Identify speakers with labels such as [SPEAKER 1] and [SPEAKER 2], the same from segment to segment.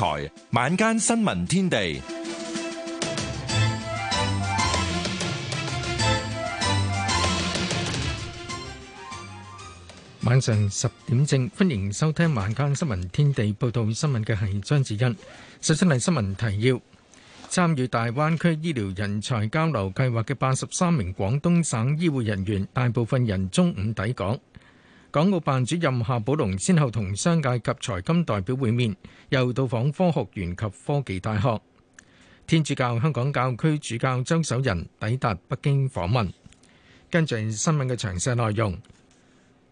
[SPEAKER 1] 台晚間新聞天地，
[SPEAKER 2] 晚上十點正，歡迎收聽晚間新聞天地，報道新聞嘅係張子欣。首先係新聞提要：參與大灣區醫療人才交流計劃嘅八十三名廣東省醫護人員，大部分人中午抵港。港澳辦主任夏寶龍先後同商界及財金代表會面，又到訪科學園及科技大學。天主教香港教區主教周守仁抵達北京訪問。跟住新聞嘅詳細內容，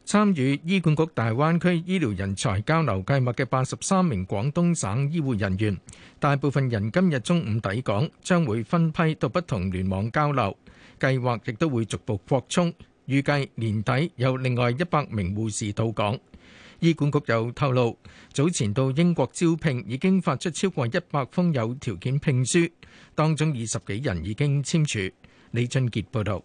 [SPEAKER 2] 參與醫管局大灣區醫療人才交流計劃嘅八十三名廣東省醫護人員，大部分人今日中午抵港，將會分批到不同聯網交流，計劃亦都會逐步擴充。預計年底有另外一百名護士到港，醫管局又透露，早前到英國招聘已經發出超過一百封有
[SPEAKER 3] 條件聘書，當中二十幾人已經簽署。李俊傑報導，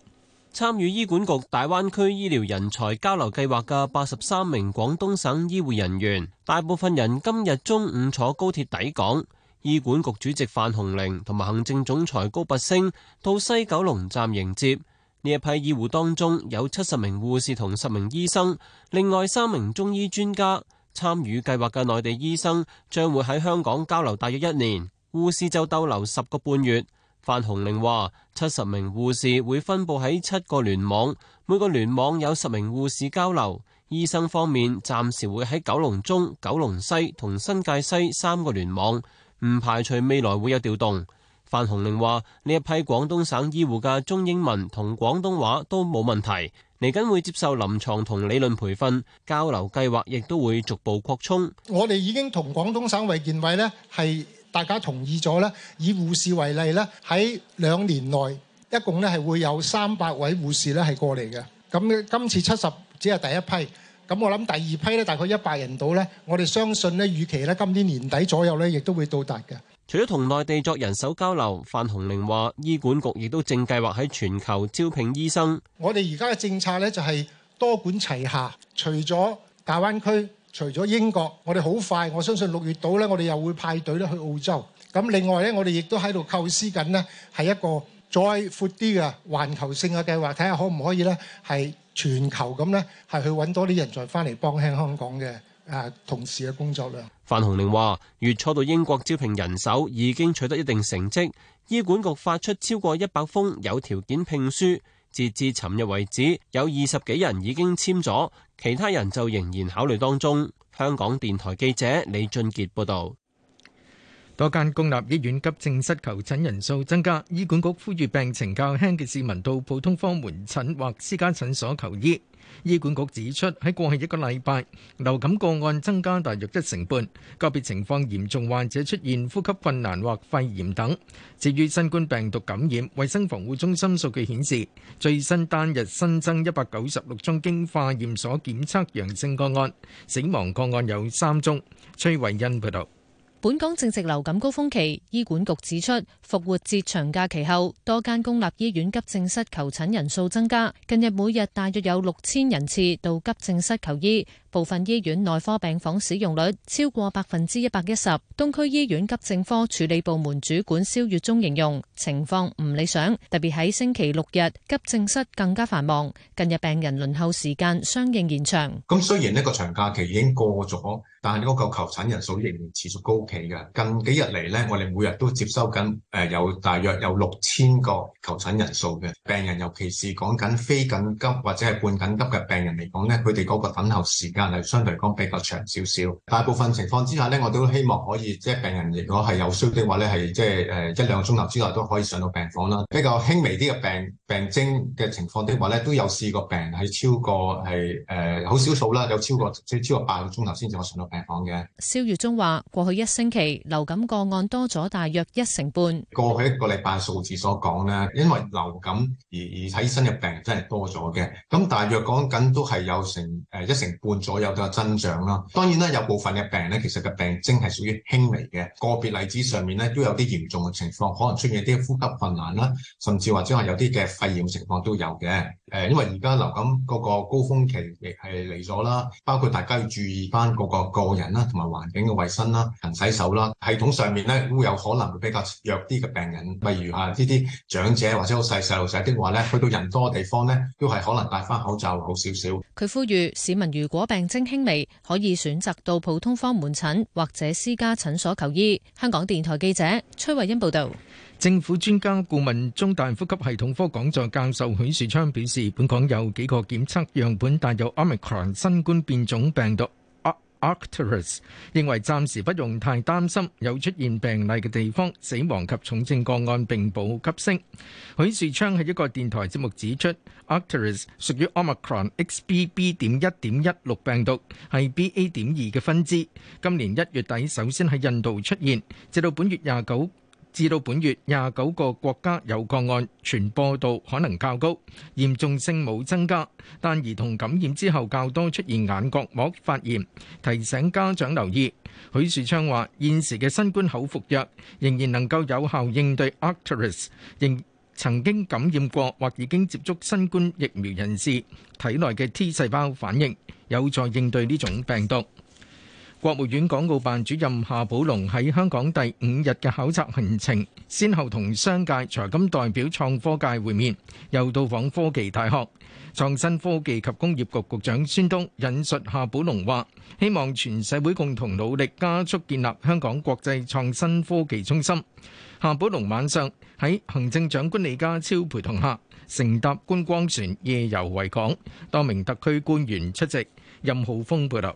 [SPEAKER 3] 參與醫管局大灣區醫療人才交流計劃嘅八十三名廣東省醫護人員，大部分人今日中午坐高鐵抵港，醫管局主席范鴻齡同埋行政總裁高拔陞到西九龍站迎接。呢一批醫護當中有七十名護士同十名醫生，另外三名中醫專家參與計劃嘅內地醫生將會喺香港交流大約一年，護士就逗留十個半月。范鴻齡話：七十名護士會分布喺七個聯網，每個聯網有十名護士交流。醫生方面暫時會喺九龍中、九龍西同新界西三個聯網，唔排除未來會有調動。范洪玲話：呢一批廣東省醫護嘅中英文同廣東話都冇問題，嚟緊會接受臨床同理論培訓，交流計劃亦都會逐步擴充。
[SPEAKER 4] 我哋已經同廣東省衛健委咧係大家同意咗咧，以護士為例咧，喺兩年內一共咧係會有三百位護士咧係過嚟嘅。咁今次七十只係第一批，咁我諗第二批咧大概一百人到咧，我哋相信咧預期咧今年年底左右咧亦都會到達嘅。
[SPEAKER 3] 除咗同內地作人手交流，范鴻齡話：醫管局亦都正計劃喺全球招聘醫生。
[SPEAKER 4] 我哋而家嘅政策咧就係多管齊下，除咗大灣區，除咗英國，我哋好快，我相信六月度咧，我哋又會派隊咧去澳洲。咁另外咧，我哋亦都喺度構思緊呢，係一個再闊啲嘅環球性嘅計劃，睇下可唔可以咧係全球咁咧係去搵多啲人才翻嚟幫輕香港嘅。同事嘅工作量。
[SPEAKER 3] 范鴻齡話月初到英國招聘人手已經取得一定成績，醫管局發出超過一百封有條件聘書，截至尋日為止，有二十幾人已經簽咗，其他人就仍然考慮當中。香港電台記者李俊傑報道。多間公立醫
[SPEAKER 2] 院急症室求診人數增加，醫管局呼籲病情較輕嘅市民到普通科門診或私家診所求醫。醫管局指出，喺過去一個禮拜，流感個案增加大約一成半，個別情況嚴重患者出現呼吸困難或肺炎等。至於新冠病毒感染，衞生防護中心數據顯示，最新單日新增一百九十六宗經化驗所檢測陽性個案，死亡個案有三宗。崔慧欣報導。
[SPEAKER 5] 本港正值流感高峰期，醫管局指出，復活節長假期後，多間公立醫院急症室求診人數增加，近日每日大約有六千人次到急症室求醫。部分醫院內科病房使用率超過百分之一百一十，東區醫院急症科處理部門主管蕭月中形容，情況唔理想，特別喺星期六日，急症室更加繁忙，近日病人輪候時間相應延長。
[SPEAKER 4] 咁雖然呢個長假期已經過咗，但係嗰個求診人數仍然持續高企嘅。近幾日嚟呢，我哋每日都接收緊有大約有六千個求診人數。病人尤其是講緊非緊急或者係半緊急嘅病人嚟講，佢哋嗰個等候時間但係相對嚟講比較長少少，大部分情況之下咧，我都希望可以即係、就是、病人如果係有需要的話咧，係即係誒一兩個鐘頭之內都可以上到病房啦。比較輕微啲嘅病病徵嘅情況的話咧，都有試過病係超過係誒好少數啦，有超過即係超過八個鐘頭先至可以上到病房嘅。
[SPEAKER 5] 蕭月忠話：過去一星期流感個案多咗大約一成半。
[SPEAKER 4] 過去一個禮拜數字所講咧，因為流感而而睇身嘅病人真係多咗嘅，咁大約講緊都係有成誒一成半所有嘅增長啦，當然啦，有部分嘅病咧，其實個病徵係屬於輕微嘅，個別例子上面咧都有啲嚴重嘅情況，可能出現啲呼吸困難啦，甚至或者係有啲嘅肺炎情況都有嘅。誒，因為而家流感嗰個高峰期亦係嚟咗啦，包括大家要注意翻個個個人啦，同埋環境嘅衞生啦，勤洗手啦。系統上面咧，會有可能會比較弱啲嘅病人，例如嚇呢啲長者或者好細細路仔的話咧，去到人多嘅地方咧，都係可能戴翻口罩好少少。
[SPEAKER 5] 佢呼籲市民如果病，病徵輕微，可以選擇到普通科門診或者私家診所求醫。香港電台記者崔慧欣報道。
[SPEAKER 2] 政府專家顧問、中大呼吸系統科講座教授許樹昌表示，本港有幾個檢測樣本帶有 Omicron 新冠變種病毒。Arcturus 認為暫時不用太擔心有出現病例嘅地方死亡及重症個案並無急升。許樹昌喺一個電台節目指出，Arcturus 屬於 Omicron XBB 點一點一六病毒係 BA 點二嘅分支，今年一月底首先喺印度出現，直到本月廿九。至到本月，廿九個國家有個案傳播度可能較高，嚴重性冇增加，但兒童感染之後較多出現眼角膜發炎，提醒家長留意。許樹昌話：現時嘅新冠口服藥仍然能夠有效應對 Arcturus，仍曾經感染過或已經接觸新冠疫苗人士體內嘅 T 細胞反應，有助應對呢種病毒。國務院港澳辦主任夏寶龍喺香港第五日嘅考察行程，先後同商界、財金代表、創科界會面，又到訪科技大學。創新科技及工業局局長孫東引述夏寶龍話，希望全社會共同努力，加速建立香港國際創新科技中心。夏寶龍晚上喺行政長官李家超陪同下，乘搭觀光船夜遊維港，多名特區官員出席。任浩峰報道。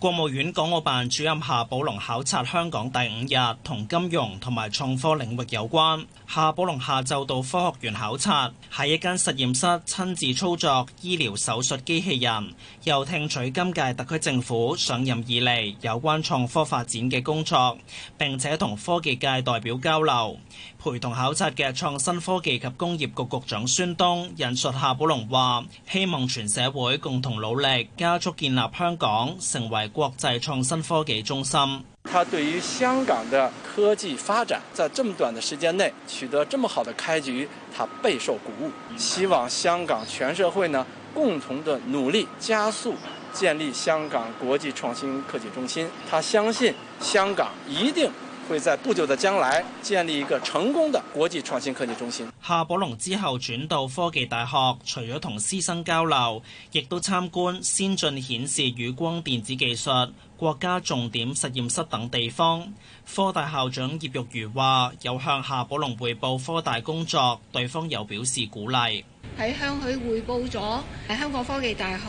[SPEAKER 6] 國務院港澳辦主任夏寶龍考察香港第五日，同金融同埋創科領域有關。夏寶龍下晝到科學園考察，喺一間實驗室親自操作醫療手術機器人，又聽取今屆特區政府上任以嚟有關創科發展嘅工作，並且同科技界代表交流。陪同考察嘅創新科技及工業局局長孫東引述夏寶龍話：希望全社會共同努力，加速建立香港成為國際創新科技中心。
[SPEAKER 3] 他對於香港的科技發展，在這麼短的時間內取得這麼好的開局，他備受鼓舞。希望香
[SPEAKER 2] 港全社會呢共同的努力，加速建立香港國際創新科技中心。他相信香港一定會在不久的將來
[SPEAKER 6] 建立一個成功的國際創新科技中心。夏寶龍之後轉到科技大學，除咗同師生交流，亦都參觀先進顯示與光電子技術、國家重點實驗室等地方。科大校長葉玉如話，有向夏寶龍匯報科大工作，對方有表示鼓勵。
[SPEAKER 7] 喺向
[SPEAKER 8] 佢匯報咗，喺香港科技大學，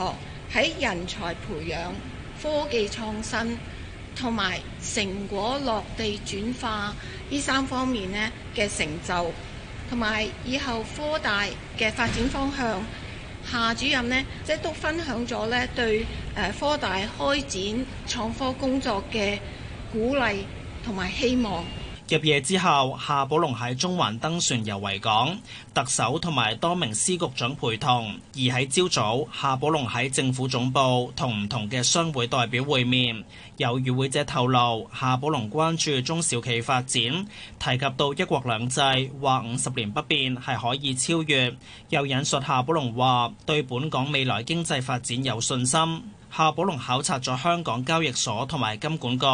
[SPEAKER 8] 喺人才培養、科技創新。同埋成果落地轉化呢三方面咧嘅成就，同埋以後科大嘅發展方向，夏主任咧即係都分享咗咧對誒科大開展創科工作嘅鼓勵同埋希望。
[SPEAKER 6] 入夜之後，夏寶龍喺中環登船遊維港，特首同埋多名司局長陪同。而喺朝早，夏寶龍喺政府總部同唔同嘅商會代表會面。有與會者透露，夏寶龍關注中小企發展，提及到一國兩制話五十年不變係可以超越，又引述夏寶龍話對本港未來經濟發展有信心。夏寶龍考察咗香港交易所同埋金管局，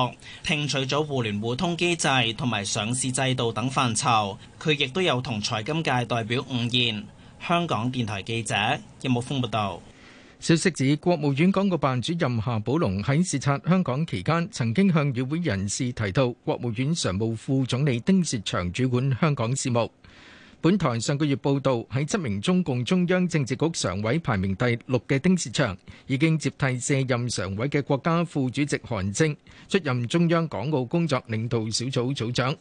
[SPEAKER 6] 聽取咗互聯互通機制、同埋上市制度等範疇。佢亦都有同財金界代表午宴。香港電台記者葉慕峰報道。有有
[SPEAKER 2] 消息指，國務院港澳辦主任夏寶龍喺視察香港期間，曾經向與會人士提到，國務院常務副總理丁薛祥主管香港事務。本台上個月報道，喺七名中共中央政治局常委排名第六嘅丁薛祥，已經接替卸任常委嘅國家副主席韓正，出任中央港澳工作領導小組組長。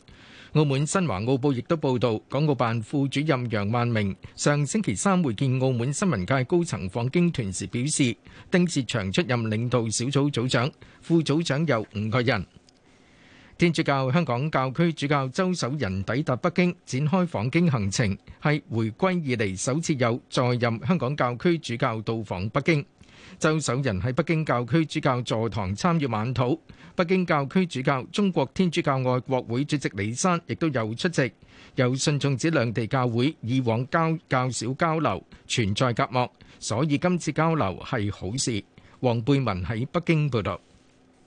[SPEAKER 2] 澳門新華澳報亦都報道，港澳辦副主任楊萬明上星期三會見澳門新聞界高層訪京團時表示，丁薛祥出任領導小組組長，副組長有五個人。天主教香港教區主教周守仁抵達北京，展開訪京行程，係回歸以嚟首次有在任香港教區主教到訪北京。周守仁喺北京教區主教座堂參與晚禱，北京教區主教、中國天主教愛國會主席李山亦都有出席。有信眾指兩地教會以往交較少交流，存在隔膜，所以今次交流係好事。黃貝文喺北京報道。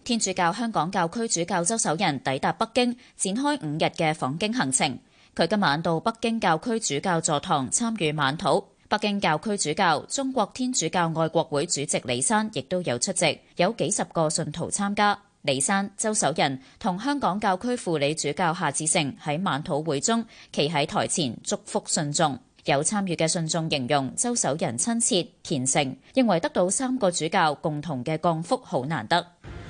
[SPEAKER 9] 天主教香港教區主教周守仁抵達北京，展開五日嘅訪京行程。佢今晚到北京教區主教座堂參與晚禱。北京教區主教、中國天主教愛國會主席李山亦都有出席，有幾十個信徒參加。李山、周守仁同香港教區副理主教夏志成喺晚禱會中企喺台前祝福信眾。有參與嘅信眾形容周守仁親切虔誠，認為得到三個主教共同嘅降福好難得。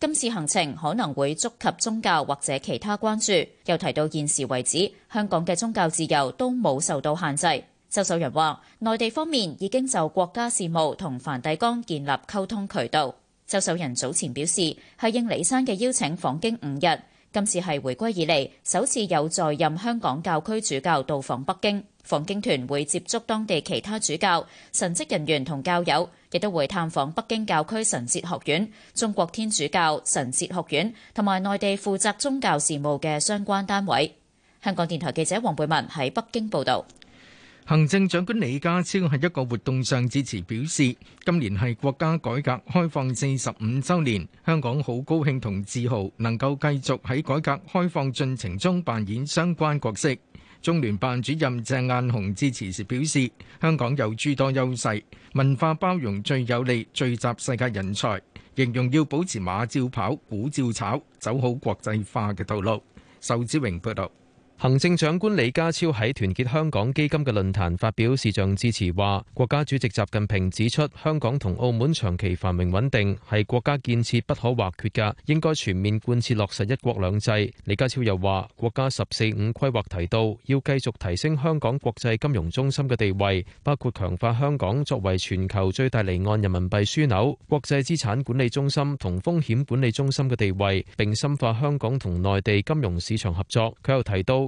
[SPEAKER 9] 今次行程可能會觸及宗教或者其他關注，又提到現時為止，香港嘅宗教自由都冇受到限制。周守仁話：內地方面已經就國家事務同梵蒂岡建立溝通渠道。周守仁早前表示，係應李山嘅邀請訪京五日，今次係回歸以嚟首次有在任香港教區主教到訪北京。訪京團會接觸當地其他主教、神職人員同教友。亦都會探訪北京教區神哲學院、中國天主教神哲學院同埋內地負責宗教事務嘅相關單位。香港電台記者黃貝文喺北京報道。
[SPEAKER 2] 行政長官李家超喺一個活動上致詞表示，今年係國家改革開放四十五週年，香港好高興同自豪能夠繼續喺改革開放進程中扮演相關角色。中聯辦主任鄭雁雄致辭時表示，香港有諸多優勢，文化包容最有利聚集世界人才，形容要保持馬照跑、股照炒，走好國際化嘅道路。
[SPEAKER 10] 仇志榮報道。行政長官李家超喺團結香港基金嘅論壇發表視像致辭，話國家主席習近平指出，香港同澳門長期繁榮穩定係國家建設不可或缺嘅，應該全面貫徹落實一國兩制。李家超又話，國家十四五規劃提到要繼續提升香港國際金融中心嘅地位，包括強化香港作為全球最大離岸人民幣樞紐、國際資產管理中心同風險管理中心嘅地位，並深化香港同內地金融市場合作。佢又提到，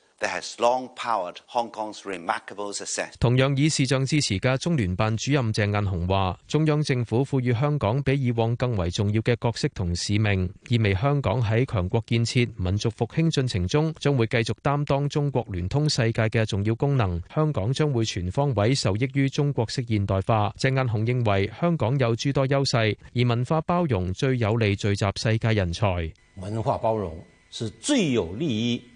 [SPEAKER 10] 同樣以視像支持嘅中聯辦主任鄭雁雄話：中央政府賦予香港比以往更為重要嘅角色同使命，意味香港喺強國建設、民族復興進程中，將會繼續擔當中國聯通世界嘅重要功能。香港將會全方位受益於中國式現代化。鄭雁雄認為香港有諸多優勢，而文化包容最有利聚集世界人才。文化包容
[SPEAKER 3] 是最有利於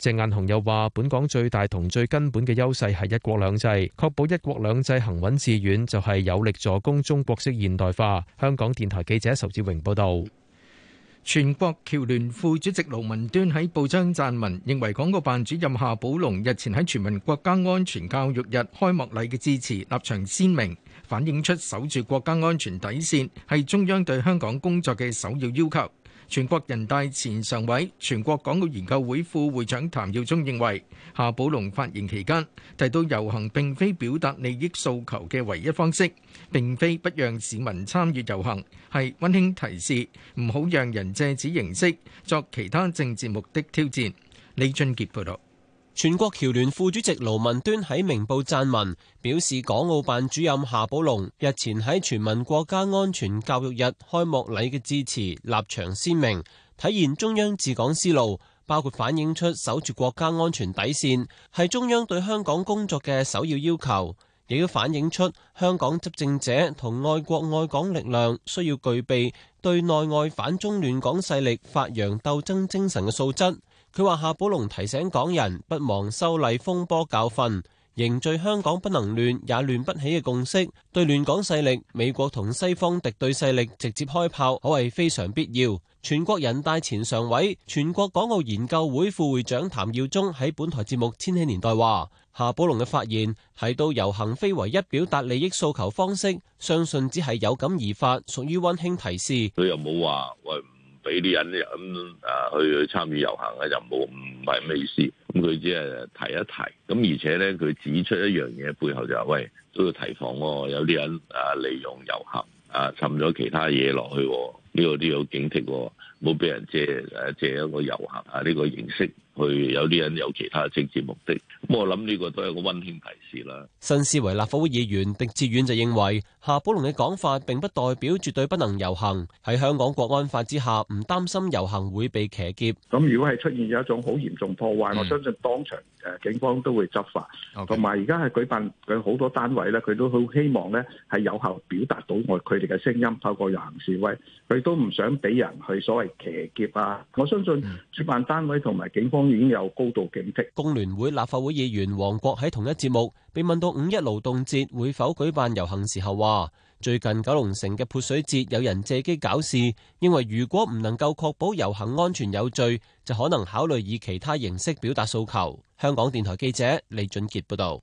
[SPEAKER 10] 鄭雁雄又話，本港最大同最根本嘅優勢係一國兩制，確保一國兩制行穩致遠，就係有力助攻中國式現代化。香港電台記者仇志榮報道。
[SPEAKER 2] 全國僑聯
[SPEAKER 10] 副主席盧文
[SPEAKER 2] 端喺報章撰文，認為港澳辦主任夏寶龍日前喺全民國家安全教育日開幕禮嘅致辭立場鮮明，反映出守住國家安全底線係中央對香港工作嘅首要要求。全國人大前常委、全國港澳研究會副會長譚耀宗認為，夏寶龍發言期間提到遊行並非表達利益訴求嘅唯一方式，並非不讓市民參與遊行，係溫馨提示，唔好讓人借此形式作其他政治目
[SPEAKER 3] 的挑戰。李俊傑報道。全國僑聯副主席盧文端喺明報撰文，表示港澳辦主任夏寶龍日前喺全民國家安全教育日開幕禮嘅致辭立場鮮明，體現中央治港思路，包括反映出守住國家安全底線係中央對香港工作嘅首要要求，亦都反映出香港執政者同愛國愛港力量需要具備對內外反中亂港勢力發揚鬥爭精神嘅素質。佢話：夏寶龍提醒港人不忘修例風波教訓，凝聚香港不能亂也亂不起嘅共識，對亂港勢力、美國同西方敵對勢力直接開炮，可謂非常必要。全國人大前常委、全國港澳研究會副會長譚耀宗喺本台節目《千禧年代》話：夏寶龍嘅發言係到遊行非唯一表達利益訴求方式，相信只係有感而發，屬於温馨提示。佢又冇話
[SPEAKER 1] 喂。俾啲人咁啊去去參與遊行啊，又冇唔係咩意思，咁佢只係提一提，咁而且咧佢指出一樣嘢，背後就係、是、喂都要提防喎、哦，有啲人啊利用遊行，啊，滲咗其他嘢落去、哦，呢、呢個都要警惕、哦，冇俾人借誒借一個遊行。」啊呢、呢個形式。去有啲人有其他政治目的，咁我諗呢個都係個溫馨提示
[SPEAKER 3] 啦。新思維立法會議員狄志遠就認為，夏寶龍嘅講法並不代表絕對不能遊行。喺香港國安法之下，唔擔心遊行會被騎劫。咁如果係
[SPEAKER 1] 出現咗一種好嚴重破壞，我相信當場誒警方都會執法。同埋而家係舉辦佢好多單位咧，佢都好希望咧係有效表達到我佢哋嘅聲音，透過遊行示威，佢都唔想俾人去所謂騎劫啊。我相信主辦單
[SPEAKER 3] 位同埋警方。當然有高度警惕。工聯會立法會議員黃國喺同一節目被問到五一勞動節會否舉辦遊行時候，話最近九龍城嘅潑水節有人借機搞事，認為如果唔能夠確保遊行安全有序，就可能考慮以其他形式表達訴求。香港電台記者李俊傑報道。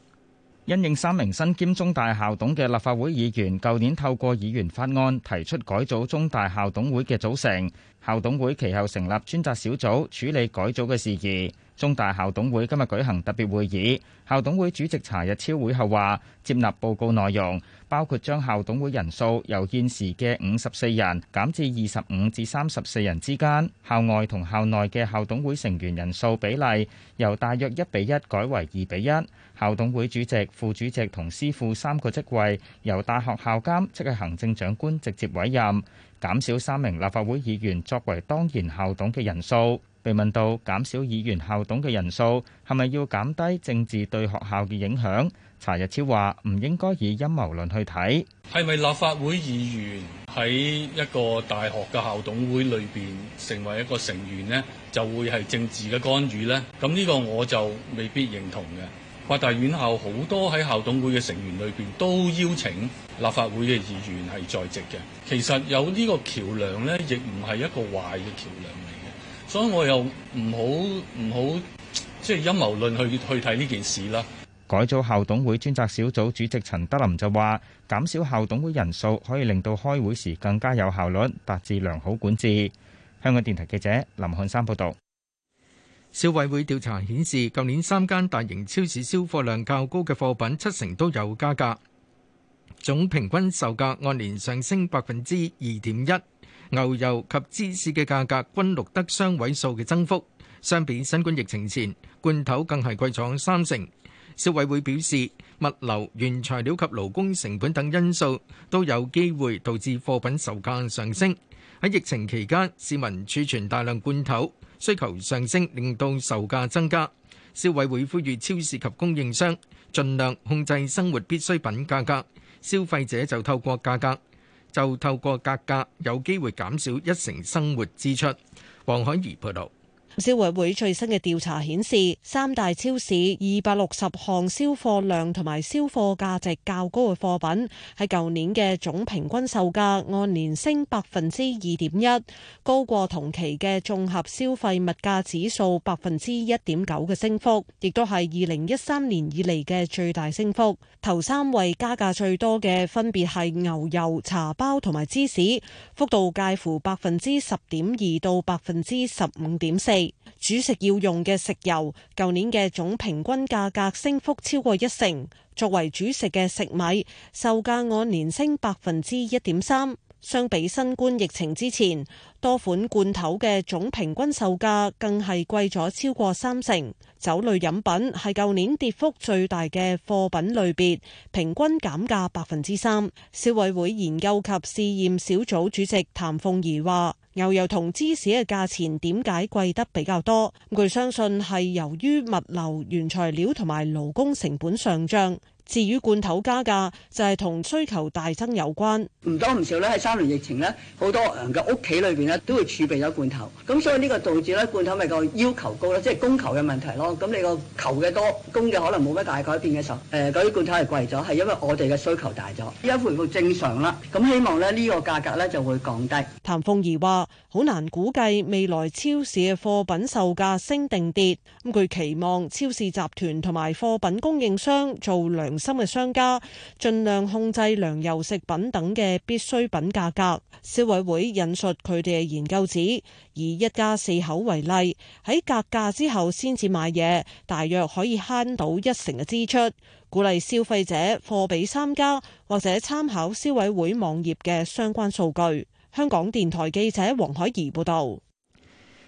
[SPEAKER 7] 因應三名身兼中大校董嘅立法會議員，舊年透過議員法案提出改組中大校董會嘅組成，校董會其後成立專責小組處理改組嘅事宜。中大校董會今日舉行特別會議，校董會主席查逸超會後話：接納報告內容，包括將校董會人數由現時嘅五十四人減至二十五至三十四人之間；校外同校內嘅校董會成員人數比例由大約一比一改為二比一；校董會主席、副主席同司庫三個職位由大學校監即係行政長官直接委任，減少三名立法會議員作為當然校董嘅人數。被問到減少議員校董嘅人數係咪要減低政治對學校嘅影響？查日超話：唔應該以陰謀論去睇，係
[SPEAKER 1] 咪立法會議員喺一個大學嘅校董會裏邊成為一個成員咧，就會係政治嘅干預咧？咁呢個我就未必認同嘅。八大院校好多喺校董會嘅成員裏邊都邀請立法會嘅議員係在職嘅，其實有呢個橋梁咧，亦唔係一個壞嘅橋梁。所以我又唔好唔好即係陰謀論去去睇呢件事啦。
[SPEAKER 7] 改組校董會專責小組主席陳德林就話減少校董會人數可以令到開會時更加有效率，達至良好管治。香港電台記者林漢山報道。消委會調
[SPEAKER 2] 查顯示，舊年三間大型超市銷貨量較高嘅貨品七成都有加價，總平均售價按年上升百分之二點一。牛油及芝士嘅價格均錄得雙位數嘅增幅，相比新冠疫情前，罐頭更係貴咗三成。消委會表示，物流、原材料及勞工成本等因素都有機會導致貨品售價上升。喺疫情期間，市民儲存大量罐頭，需求上升令到售價增加。消委會呼籲超市及供應商盡量控制生活必需品價格，消費者就透過價格。就透過價格有機會減少一成生活支出。黃海怡報導。
[SPEAKER 8] 消委會最新嘅調查顯示，三大超市二百六十項銷貨量同埋銷貨價值較高嘅貨品，喺舊年嘅總平均售價按年升百分之二點一，高過同期嘅綜合消費物價指數百分之一點九嘅升幅，亦都係二零一三年以嚟嘅最大升幅。頭三位加價最多嘅分別係牛油、茶包同埋芝士，幅度介乎百分之十點二到百分之十五點四。主食要用嘅食油，舊年嘅總平均價格升幅超過一成。作為主食嘅食米，售價按年升百分之一點三。相比新冠疫情之前，多款罐頭嘅總平均售價更係貴咗超過三成。酒類飲品係舊年跌幅最大嘅貨品類別，平均減價百分之三。消委會研究及試驗小組主席譚鳳儀話：牛油同芝士嘅價錢點解貴得比較多？據相信係由於物流、原材料同埋勞工成本上漲。至於罐頭加價就係同需求大增有關，唔多唔少咧喺三年疫情呢，好多人嘅屋企裏邊咧都會儲備咗罐頭，咁所以呢個導致咧罐頭咪個要求高咯，即係供求嘅問題咯。咁你個求嘅多，供嘅可能冇乜大改變嘅時候，誒嗰啲罐頭係貴咗，係因為我哋嘅需求大咗。而家回復正常啦，咁希望咧呢個價格咧就會降低。譚鳳儀話：好難估計未來超市嘅貨品售價升定跌。咁佢期望超市集團同埋貨品供應商做良心嘅商家，盡量控制糧油食品等嘅必需品價格。消委會引述佢哋嘅研究指，以一家四口為例，喺格價之後先至買嘢，大約可以慳到一成嘅支出。鼓勵消費者貨比三家，或者參考消委會網頁嘅相關數據，香港電台記者黃海怡報道。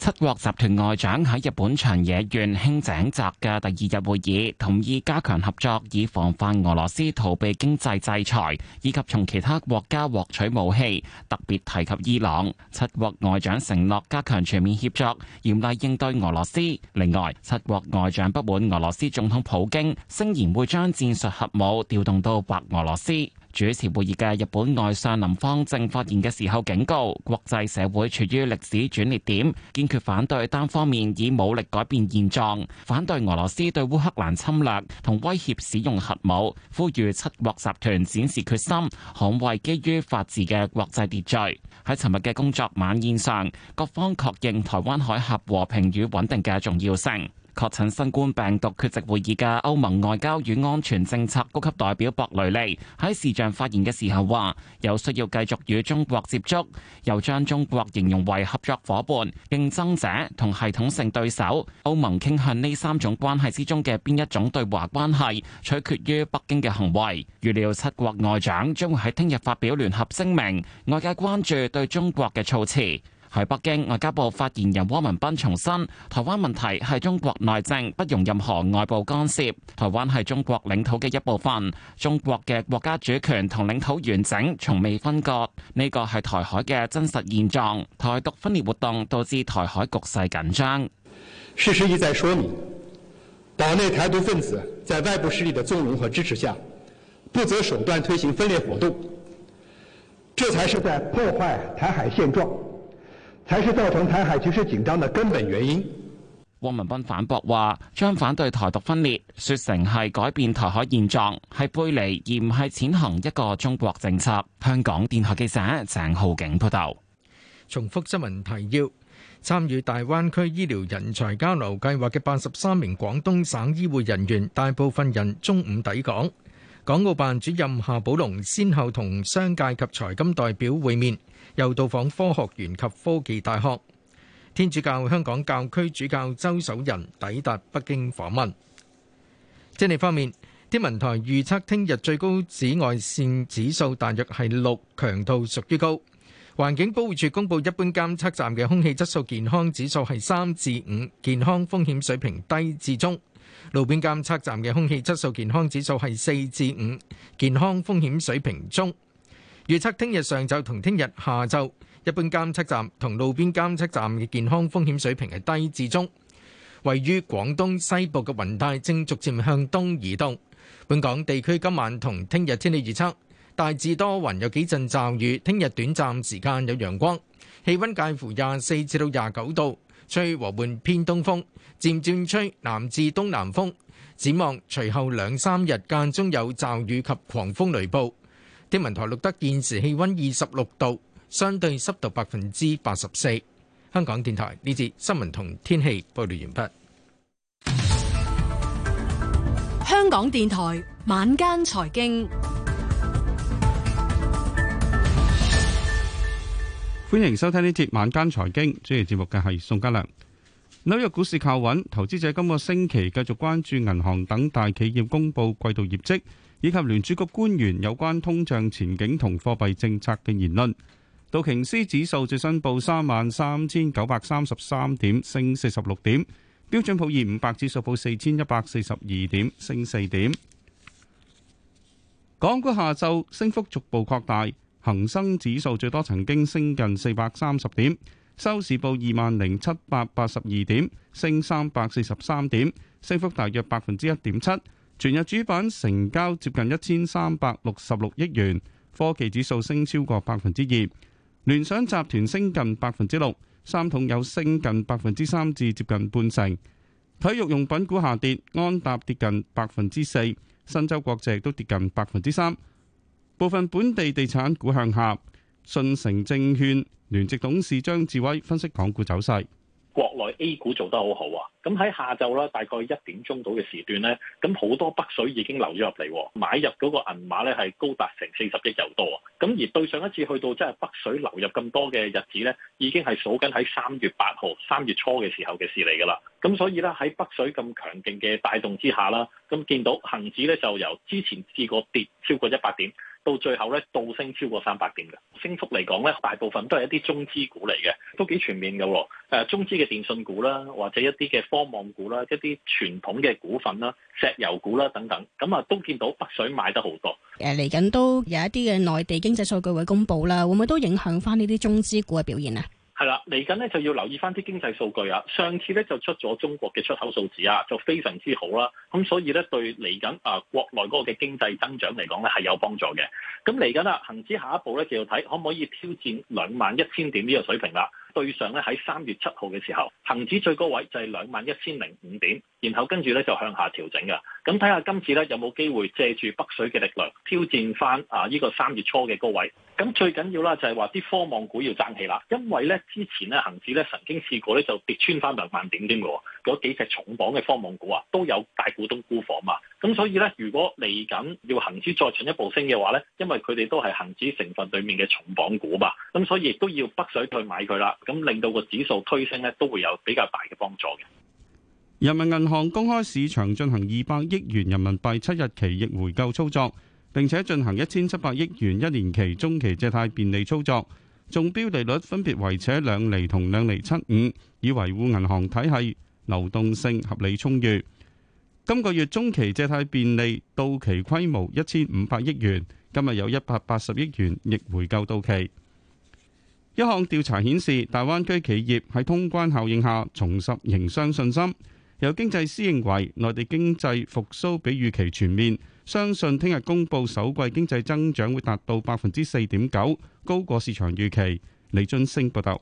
[SPEAKER 11] 七國集團外長喺日本長野縣輕井澤嘅第二日會議，同意加強合作，以防範俄羅斯逃避經濟制裁以及從其他國家獲取武器。特別提及伊朗，七國外長承諾加強全面協作，嚴厲應對俄羅斯。另外，七國外長不滿俄羅斯總統普京，聲言會將戰術核武調動到白俄羅斯。主持會議嘅日本外相林芳正發言嘅時候警告，國際社會處於歷史轉捩點，堅決反對單方面以武力改變現狀，反對俄羅斯對烏克蘭侵略同威脅使用核武，呼籲七國集團展示決心，捍衛基於法治嘅國際秩序。喺尋日嘅工作晚宴上，各方確認台灣海峽和平與穩定嘅重要性。確診新冠病毒缺席會議嘅歐盟外交與安全政策高級代表博雷利喺視像發言嘅時候話，有需要繼續與中國接觸，又將中國形容為合作夥伴、競爭者同系統性對手。歐盟傾向呢三種關係之中嘅邊一種對華關係，取決於北京嘅行為。預料七國外長將會喺聽日發表聯合聲明，外界關注對中國嘅措辭。喺北京，外交部發言人汪文斌重申，台灣問題係中國內政，不容任何外部干涉。台灣係中國領土嘅一部分，中國嘅國家主權同領土完整從未分割，呢個係台海嘅真實現狀，台獨分裂活動導致台海局勢緊張，事實一再說明，島內台獨分子在外部勢力的縱容和支持下，不擇手段推行分裂活動，
[SPEAKER 4] 這才是在破壞台海現狀，才是造成台海局勢緊張的根本原因。
[SPEAKER 11] 汪文斌反駁話，將反對台獨分裂說成係改變台海現狀，係背離而唔係踐行一個中國政策。香港電台記者鄭浩景報道。重複新聞提要，參
[SPEAKER 2] 與大灣區醫療人才交流計劃嘅八十三名廣東省醫護人員，大部分人中午抵港。港澳辦主任夏寶龍先後同商界及財金代表會面，又到訪科學園及科技大學。天主教香港教區主教周守仁抵達北京訪問。天氣方面，天文台預測聽日最高紫外線指數大約係六，強度屬於高。環境保護署公布一般監測站嘅空氣質素健康指數係三至五，健康風險水平低至中。路邊監測站嘅空氣質素健康指數係四至五，健康風險水平中。預測聽日上晝同聽日下晝，一般監測站同路邊監測站嘅健康風險水平係低至中。位於廣東西部嘅雲帶正逐漸向東移動。本港地區今晚同聽日天氣預測大致多雲，有幾陣驟雨。聽日短暫時間有陽光，氣溫介乎廿四至到廿九度，吹和緩偏東風。漸漸吹南至東南風，展望隨後兩三日間中有驟雨及狂風雷暴。天文台錄得現時氣温二十六度，相對濕度百分之八十四。香港電台呢節新聞同天氣報道完畢。
[SPEAKER 5] 香港電台晚間財經，
[SPEAKER 12] 歡迎收聽呢節晚間財經，主持節目嘅係宋家良。紐約股市靠穩，投資者今個星期繼續關注銀行等大企業公布季度業績，以及聯儲局官員有關通脹前景同貨幣政策嘅言論。道瓊斯指數最新報三萬三千九百三十三點，升四十六點；標準普爾五百指數報四千一百四十二點，升四點。港股下晝升幅逐步擴大，恒生指數最多曾經升近四百三十點。收市報二萬零七百八十二點，升三百四十三點，升幅大約百分之一點七。全日主板成交接近一千三百六十六億元，科技指數升超過百分之二。聯想集團升近百分之六，三桶油升近百分之三至接近半成。體育用品股下跌，安踏跌近百分之四，新洲國際都跌近百分之三。部分本地地產股向下，信誠證券。聯席董事張志威分析港股走勢。
[SPEAKER 1] 國內 A 股做得好好啊，咁喺下晝啦，大概一點鐘到嘅時段咧，咁好多北水已經流咗入嚟，買入嗰個銀碼咧係高達成四十億又多啊。咁而對上一次去到即係北水流入咁多嘅日子咧，已經係數緊喺三月八號、三月初嘅時候嘅事嚟㗎啦。咁所以咧喺北水咁強勁嘅帶動之下啦，咁見到恒指咧就由之前試過跌超過一百點。到最後咧，倒升超過三百點嘅升幅嚟講咧，大部分都係一啲中資股嚟嘅，都幾全面嘅喎、啊。中資嘅電信股啦，或者一啲嘅科網股啦，一啲傳統嘅股份啦，石油股啦等等，咁、嗯、啊都見到北水買得好多。
[SPEAKER 13] 誒、啊，嚟緊都有一啲嘅內地經濟數據會公布啦，會唔會都影響返呢啲中資股嘅表現啊？
[SPEAKER 1] 係啦，嚟緊咧就要留意返啲經濟數據啊。上次咧就出咗中國嘅出口數字啊，就非常之好啦。咁所以咧對嚟緊啊國內嗰個嘅經濟增長嚟講咧係有幫助嘅。咁嚟緊啦，恒指下一步咧就要睇可唔可以挑戰兩萬一千點呢個水平啦。對上咧喺三月七號嘅時候，恒指最高位就係兩萬一千零五點，然後跟住咧就向下調整嘅。咁睇下今次咧有冇機會借住北水嘅力量挑戰翻啊呢、這個三月初嘅高位。咁、嗯、最緊要啦就係話啲科網股要爭氣啦，因為咧之前咧恆指咧曾經試過咧就跌穿翻兩萬點添㗎，嗰幾隻重磅嘅科網股啊都有大股東沽貨嘛。咁、嗯、所以咧如果嚟緊要恒指再進一步升嘅話咧，因為佢哋都係恒指成分裡面嘅重磅股嘛，咁、嗯嗯、所以亦都要北水去買佢啦。咁令到個指數推升咧，都會有比較大嘅幫助
[SPEAKER 12] 嘅。人民銀行公開市場進行二百億元人民幣七日期逆回購操作，並且進行一千七百億元一年期中期借貸便利操作，中標利率分別為且兩厘同兩厘七五，以維護銀行體系流動性合理充裕。今個月中期借貸便利到期規模一千五百億元，今日有一百八十億元逆回購到期。一項調查顯示，大灣區企業喺通關效應下重拾營商信心。有經濟師認為，內地經濟復蘇比預期全面，相信聽日公布首季經濟增長會達到百分之四點九，高過市場預期。李俊升報道。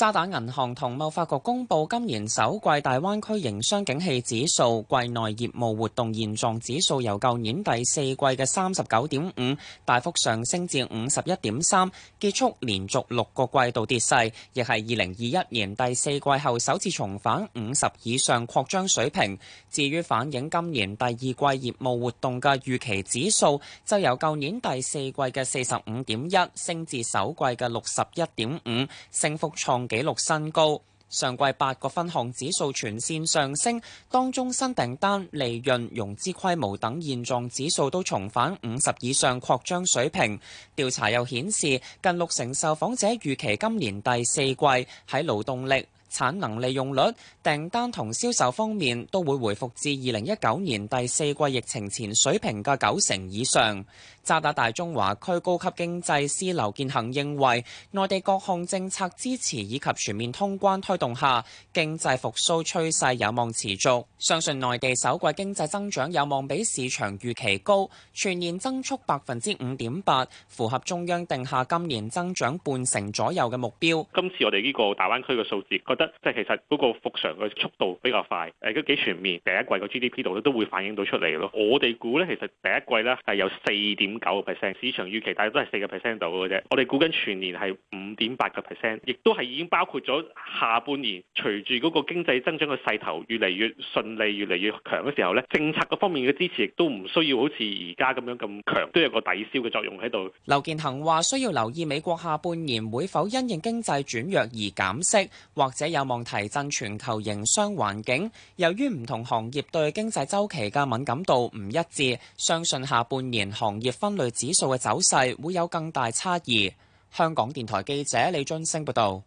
[SPEAKER 14] 渣打銀行同貿發局公布今年首季大灣區營商景氣指數，季內業務活動現狀指數，由舊年第四季嘅三十九點五大幅上升至五十一點三，結束連續六個季度跌勢，亦係二零二一年第四季後首次重返五十以上擴張水平。至於反映今年第二季業務活動嘅預期指數，就由舊年第四季嘅四十五點一升至首季嘅六十一點五，升幅創紀錄新高，上季八個分項指數全線上升，當中新訂單、利潤、融資規模等現狀指數都重返五十以上擴張水平。調查又顯示，近六成受訪者預期今年第四季喺勞動力、產能利用率、訂單同銷售方面都會回復至二零一九年第四季疫情前水平嘅九成以上。渣打大中華區高級經濟師劉建恒認為，內地各項政策支持以及全面通關推動下，經濟復甦趨勢有望持續。相信內地首季經濟增長有望比市場預期高，全年增速百分之五點八，符合中央定下今年增長半成左右嘅目標。
[SPEAKER 1] 今次我哋呢個大灣區嘅數字，即係其實嗰個復常嘅速度比較快，誒都幾全面。第一季個 GDP 度咧都會反映到出嚟咯。我哋估咧其實第一季咧係有四點九個 percent，市場預期大概都係四個 percent 度嘅啫。我哋估緊全年係五點八個 percent，亦都係已經包括咗下半年。隨住嗰個經濟增長嘅勢頭越嚟越順利、越嚟越強嘅時候咧，政策嗰方面嘅支持亦都唔需要好似而家咁樣咁強，都有個抵消嘅作用喺度。
[SPEAKER 14] 劉建恒話：需要留意美國下半年會否因應經濟轉弱而減息，或者，有望提振全球營商環境。由於唔同行業對經濟週期嘅敏感度唔一致，相信下半年行業分類指數嘅走勢會有更大差異。香港電台記者李津升報道。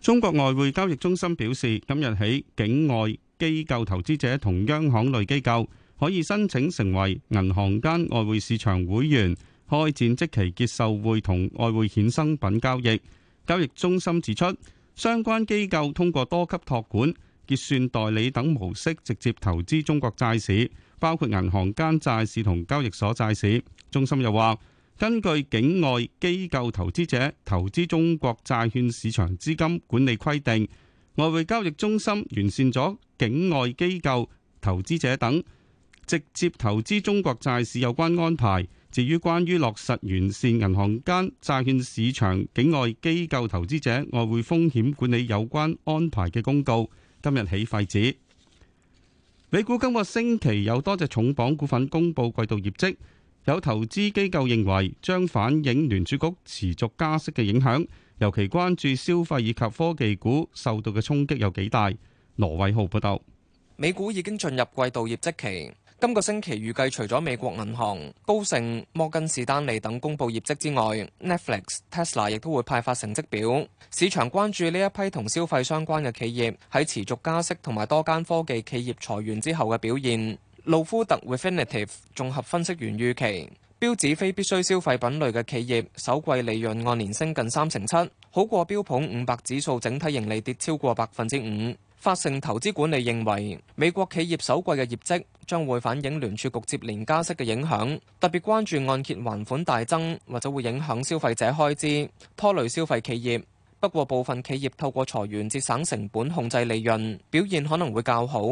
[SPEAKER 12] 中國外匯交易中心表示，今日起，境外機構投資者同央行類機構可以申請成為銀行間外匯市場會員，開展即期結售匯同外匯衍生品交易。交易中心指出。相關機構通過多級託管、結算代理等模式直接投資中國債市，包括銀行間債市同交易所債市。中心又話，根據境外機構投資者投資中國債券市場資金管理規定，外匯交易中心完善咗境外機構投資者等直接投資中國債市有關安排。至於關於落實完善銀行間債券市場境外機構投資者外匯風險管理有關安排嘅公告，今日起廢止。美股今個星期有多隻重磅股份公布季度業績，有投資機構認為將反映聯儲局持續加息嘅影響，尤其關注消費以及科技股受到嘅衝擊有幾大。羅偉浩報道，
[SPEAKER 13] 美股已經進入季度業績期。今個星期預計除咗美國銀行、高盛、摩根士丹利等公布業績之外，Netflix、Tesla 亦都會派發成績表。市場關注呢一批同消費相關嘅企業喺持續加息同埋多間科技企業裁員之後嘅表現。路夫特 （Refinitiv） 綜合分析員預期，標指非必需消費品類嘅企業首季利潤按年升近三成七，好過標普五百指數整體盈利跌超過百分之五。法盛投資管理認為，美國企業首季嘅業績將會反映聯儲局接連加息嘅影響，特別關注按揭還款大增或者會影響消費者開支，拖累消費企業。不過部分企業透過裁員節省成本，控制利潤，表現可能會較好。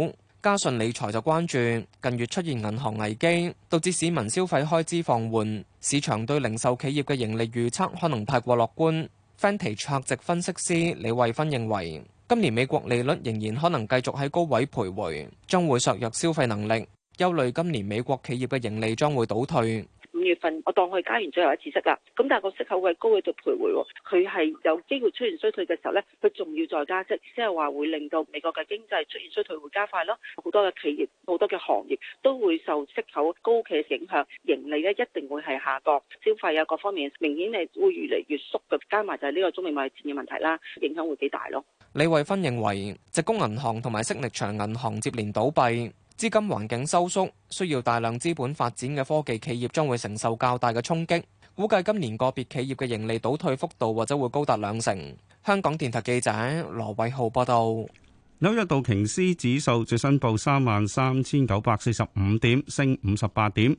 [SPEAKER 13] 嘉信理財就關注近月出現銀行危機，導致市民消費開支放緩，市場對零售企業嘅盈利預測可能太過樂觀。Vantage 客席分析師李慧芬認為。今年美國利率仍然可能繼續喺高位徘徊，將會削弱消費能力，憂慮今年美國企業嘅盈利將會倒退。
[SPEAKER 8] 五月份我當佢加完最後一次息㗎，咁但係個息口高位高喺度徘徊，佢係有機會出現衰退嘅時候咧，佢仲要再加息，即係話會令到美國嘅經濟出現衰退會加快咯。好多嘅企業、好多嘅行業都會受息口高企嘅影響，盈利咧一定會係下降，消費啊各方面明顯係會越嚟越縮嘅。加埋就係呢個中美貿易戰嘅問題啦，影響會幾大咯。
[SPEAKER 13] 李慧芬認為，直工銀行同埋息力場銀行接連倒閉，資金環境收縮，需要大量資本發展嘅科技企業將會承受較大嘅衝擊。估計今年個別企業嘅盈利倒退幅度或者會高達兩成。香港電台記者羅偉浩報道：
[SPEAKER 12] 紐約道瓊斯指數最新報三萬三千九百四十五點，升五十八點；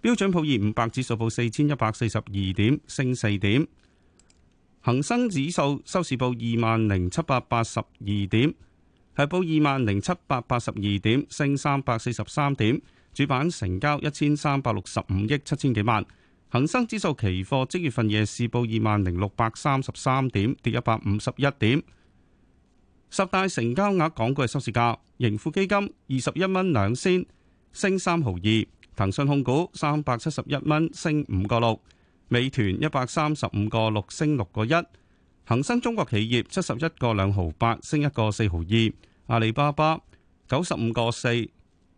[SPEAKER 12] 標準普爾五百指數報四千一百四十二點，升四點。恒生指數收市報二萬零七百八十二點，係報二萬零七百八十二點，升三百四十三點。主板成交一千三百六十五億七千幾萬。恒生指數期貨即月份夜市報二萬零六百三十三點，跌一百五十一點。十大成交額港股嘅收市價：盈富基金二十一蚊兩仙，升三毫二；騰訊控股三百七十一蚊，升五個六。美團一百三十五個六升六個一，恒生中國企業七十一個兩毫八升一個四毫二，阿里巴巴九十五個四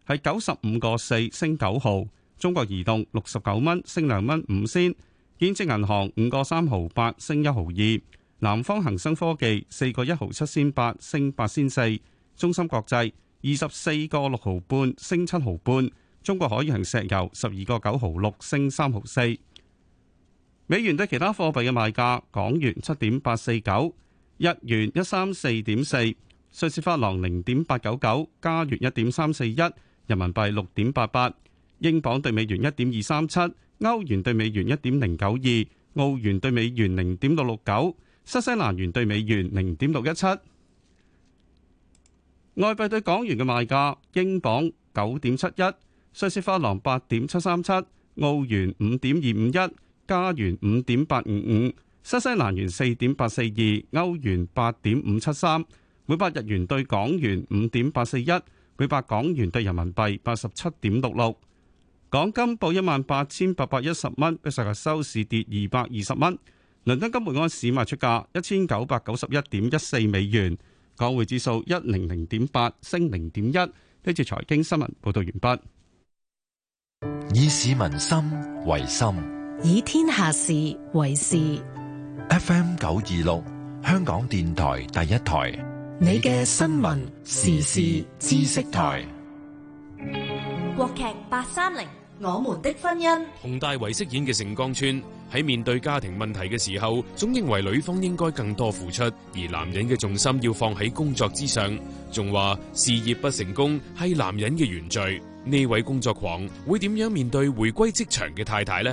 [SPEAKER 12] 係九十五個四升九毫，中國移動六十九蚊升兩蚊五仙，建設銀行五個三毫八升一毫二，南方恒生科技四個一毫七仙八升八仙四，中芯國際二十四個六毫半升七毫半，中國海洋石油十二個九毫六升三毫四。美元對其他貨幣嘅賣價：港元七點八四九，日元一三四點四，瑞士法郎零點八九九，加元一點三四一，人民幣六點八八，英鎊對美元一點二三七，歐元對美元一點零九二，澳元對美元零點六六九，新西蘭元對美元零點六一七。外幣對港元嘅賣價：英鎊九點七一，瑞士法郎八點七三七，澳元五點二五一。加元五點八五五，新西蘭元四點八四二，歐元八點五七三，每百日元對港元五點八四一，每百港元兌人民幣八十七點六六。港金報一萬八千八百一十蚊，比上日收市跌二百二十蚊。倫敦金晏市賣出價一千九百九十一點一四美元，港匯指數一零零點八升零點一。呢節財經新聞報道完畢。以市民心為心。
[SPEAKER 1] 以天下事為事。FM 九二六，香港電台第一台。你嘅新聞
[SPEAKER 11] 時事知識台。
[SPEAKER 8] 國劇八三零，
[SPEAKER 5] 我們的婚姻。
[SPEAKER 10] 洪大維飾演嘅盛江川，喺面對家庭問題嘅時候，總認為女方應該更多付出，而男人嘅重心要放喺工作之上，仲話事業不成功係男人嘅原罪。呢位工作狂會點樣面對回歸職場嘅太太呢？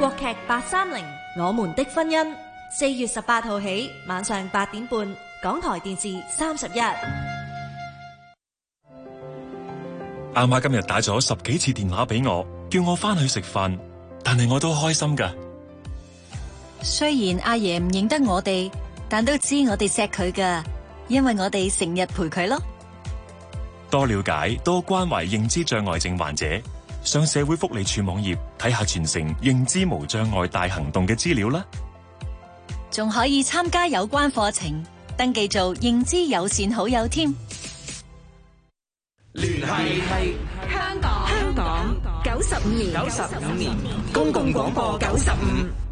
[SPEAKER 9] 國劇
[SPEAKER 8] 八三零，我們的婚姻，四月十八號起，晚上八點半，
[SPEAKER 5] 港
[SPEAKER 9] 台電視三十
[SPEAKER 1] 一。阿媽今日打咗十幾次電話俾我，叫我翻去食飯，但係我都開心噶。
[SPEAKER 5] 雖然阿爺唔認得我哋，但都知我哋錫佢噶，
[SPEAKER 9] 因為我哋成日陪佢咯。
[SPEAKER 1] 多了解，多關懷認知障礙症患者，上社會福利處網頁睇下全城認知無障礙大行動嘅資料啦，
[SPEAKER 5] 仲可以參加有關課程，登記做認知友善好友添。
[SPEAKER 15] 聯繫係
[SPEAKER 9] 香港
[SPEAKER 8] 香港九十五年九十五
[SPEAKER 15] 年，年，年公共廣播九十五。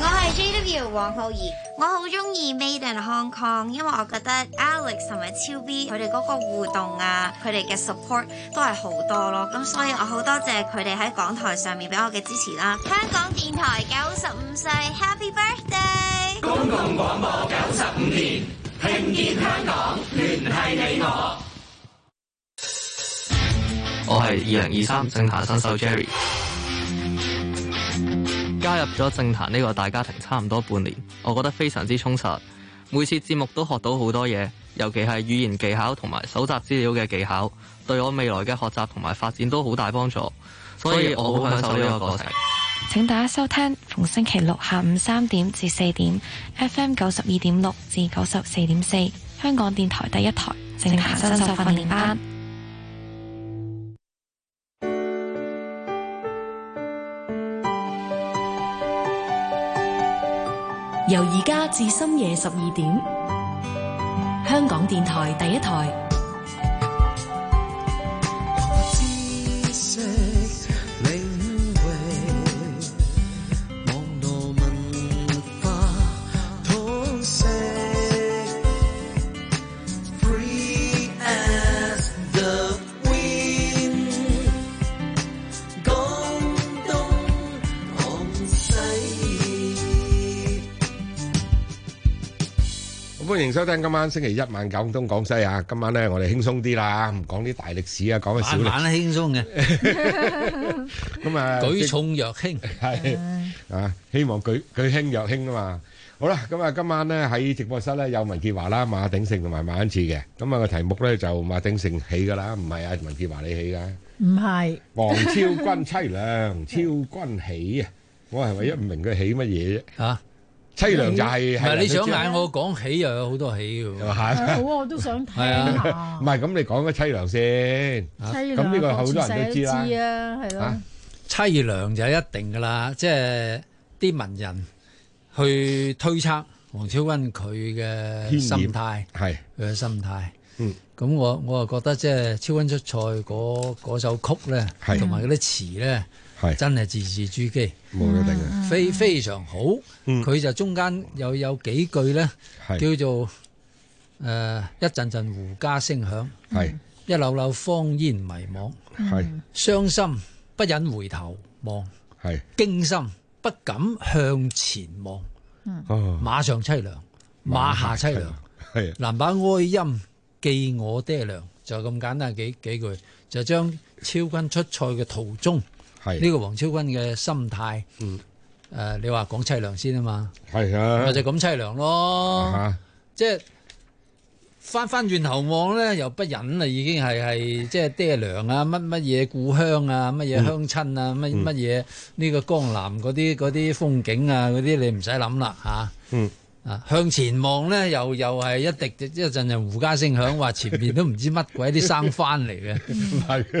[SPEAKER 9] 我係 JW 黃浩儀，我好中意 Made in Hong Kong，因為我覺得 Alex 同埋超 B 佢哋嗰個互動啊，佢哋嘅 support 都係好多咯，咁所以我好多謝佢哋喺港台上面俾我嘅支持啦！香港電台九十五歲 Happy Birthday，公
[SPEAKER 11] 共廣播九十五年，聽見香港，聯
[SPEAKER 13] 繫你我。我係二零二三聖誕新手 Jerry。加入咗政壇呢個大家庭差唔多半年，我覺得非常之充實。每次節目都學到好多嘢，尤其係語言技巧同埋搜集資料嘅技巧，對我未來嘅學習同埋發展都好大幫助。所以我好享受呢個過程。
[SPEAKER 15] 請大家收
[SPEAKER 7] 聽，逢星期六下午三點至四點，FM 九十二點六至九十四點四，香港電台第一台《政壇新秀訓練班》。
[SPEAKER 5] 由而家至深夜十二點，香港電台第一台。
[SPEAKER 10] 歡迎
[SPEAKER 4] 收聽今晚星期一晚講東講西啊！今晚咧我哋輕鬆啲啦，唔講啲大歷史啊，講啲小嘅。晚晚都輕鬆嘅，咁啊。舉重若輕係啊，希望舉舉輕若輕啊嘛。好啦，咁啊今晚咧喺直播室咧有文潔華啦、馬鼎盛同埋馬恩賜嘅。咁啊個題目咧就馬鼎盛起噶啦，唔係啊，文潔華你起噶。
[SPEAKER 15] 唔係。
[SPEAKER 4] 黃超君凄涼，超君起啊！我係唯一唔明佢起乜嘢啫。吓。淒涼就係，唔係你想揀我
[SPEAKER 15] 講喜，又有好多喜嘅喎，係喎，我都想睇下。唔係咁，你講個淒涼先。淒涼，呢個好多人都知啦。嚇，淒涼就係一定嘅啦，即係啲文人去推測王昭君佢嘅心態，係佢嘅心態。嗯，咁我我又覺得即係昭君出塞嗰嗰首曲咧，同埋嗰啲詞咧係真係字字珠璣，冇得頂，非非常好。佢就中間又有幾句咧，叫做誒，一陣陣胡笳聲響，係一縷縷芳煙迷惘，係傷心不忍回頭望，係驚心不敢向前望，
[SPEAKER 11] 嗯，馬
[SPEAKER 15] 上淒涼，馬下淒涼，
[SPEAKER 11] 係
[SPEAKER 15] 難把哀音寄我爹娘，就咁簡單幾幾句，就將昭君出塞嘅途中。係呢個王昭君嘅心態，嗯，誒，你話講淒涼先啊嘛，
[SPEAKER 7] 係啊，咪就
[SPEAKER 15] 咁淒涼咯，吓，即係翻翻轉頭望咧，又不忍啦，已經係係即係爹娘啊，乜乜嘢故鄉啊，乜嘢鄉親啊，乜乜嘢呢個江南嗰啲嗰啲風景啊，嗰啲你唔使諗啦，吓，啊向前望咧，又又係一滴一陣陣胡笳聲響，話前面都唔知乜鬼啲生番嚟嘅，係。